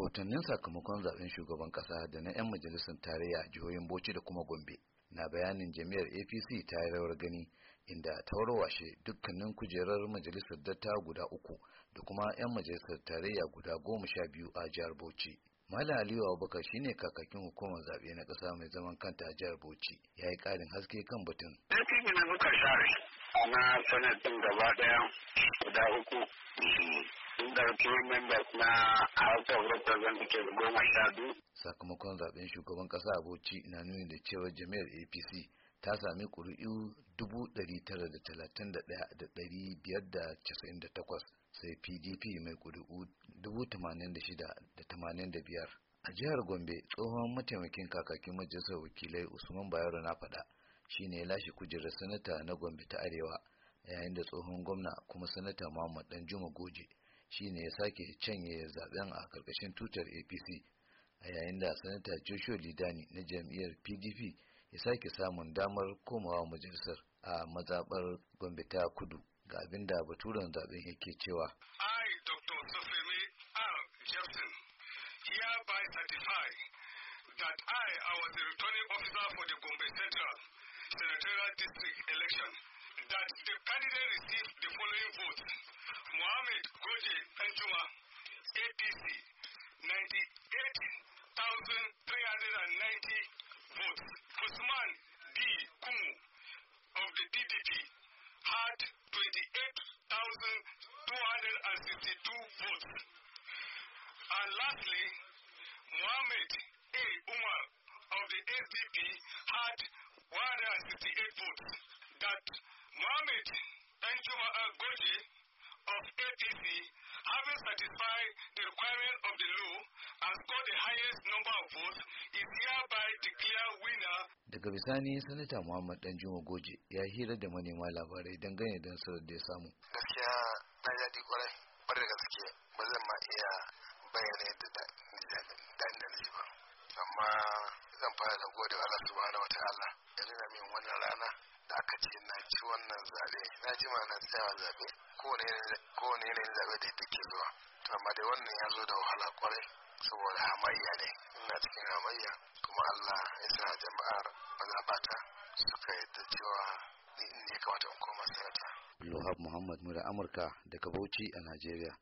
rahotannin sakamakon zaben shugaban kasa da na 'yan majalisar tarayya jihohin bauchi da kuma gombe na bayanin jami'ar apc ta yi rawar gani inda ta warwashe dukkanin kujerar majalisar datta guda uku da kuma 'yan majalisar tarayya guda goma sha biyu a jihar bauchi Malam Aliyu Abubakar shine kakakin hukumar zaɓe na ƙasa mai zaman kanta a jihar Bauchi ya yi ƙarin haske kan batun. Ɗan ne muka share a na ɗin gaba ɗaya guda uku inda rukunin members na House of Representatives goma sha biyu. Sakamakon zaɓen shugaban ƙasa a Bauchi na nuni da cewa jami'ar APC ta sami ƙuri'u 931,598 sai pdp mai ƙuri'u 86,085 a jihar gombe tsohon mataimakin kakakin majalisar wakilai usman bayero na faɗa shine ya lashe kujerar sanata na gombe ta arewa yayin da tsohon gwamna kuma sanata muhammad Juma goje shine ya sake canye zaben a karkashin tutar apc a yayin da sanata joshua lidani na jam'iyyar pdp ya sake samun damar komawa majalisar a mazaɓar gombe ta kudu ga abin da baturen zaɓen yake cewa. I, Dr. Sofemi R. Jefferson, hereby certify that I, I was the returning officer for the Gombe Central Senatorial District election, that the candidate received the following votes. Mohammed Goje Anjuma, APC, 98,390 votes, Usman B. Kumu of the DPP had 28,262 votes. And lastly, Mohammed A. Umar of the SDP had 168 votes. That Mohammed Njuma Goje of APC, having satisfied the requirement of the law, and scored the highest number of votes is hereby declared winner. Daga bisani Sanata Muhammad Danjuma Goje ya hira da manema labarai dangane da nasarar da ya samu. Gaskiya na daɗi kwarai, kwarai da gaske ba zan ma iya bayyana yadda daɗin da nake ba. Amma zan fara da gode wa Allah subhanahu ta'ala da nuna min wannan rana da aka ce na ci wannan zaɓe na ji ma na tsayawa zaɓe kowane yanayin zaɓe da take zuwa. Amma dai wannan ya zo da wahala kwarai saboda hamayya ne ina cikin hamayya kuma Allah ya sa jama'ar mazabata suka yadda cewa ni ne kamata in koma sanata. lohab Muhammad Mura Amurka daga Bauchi a Najeriya.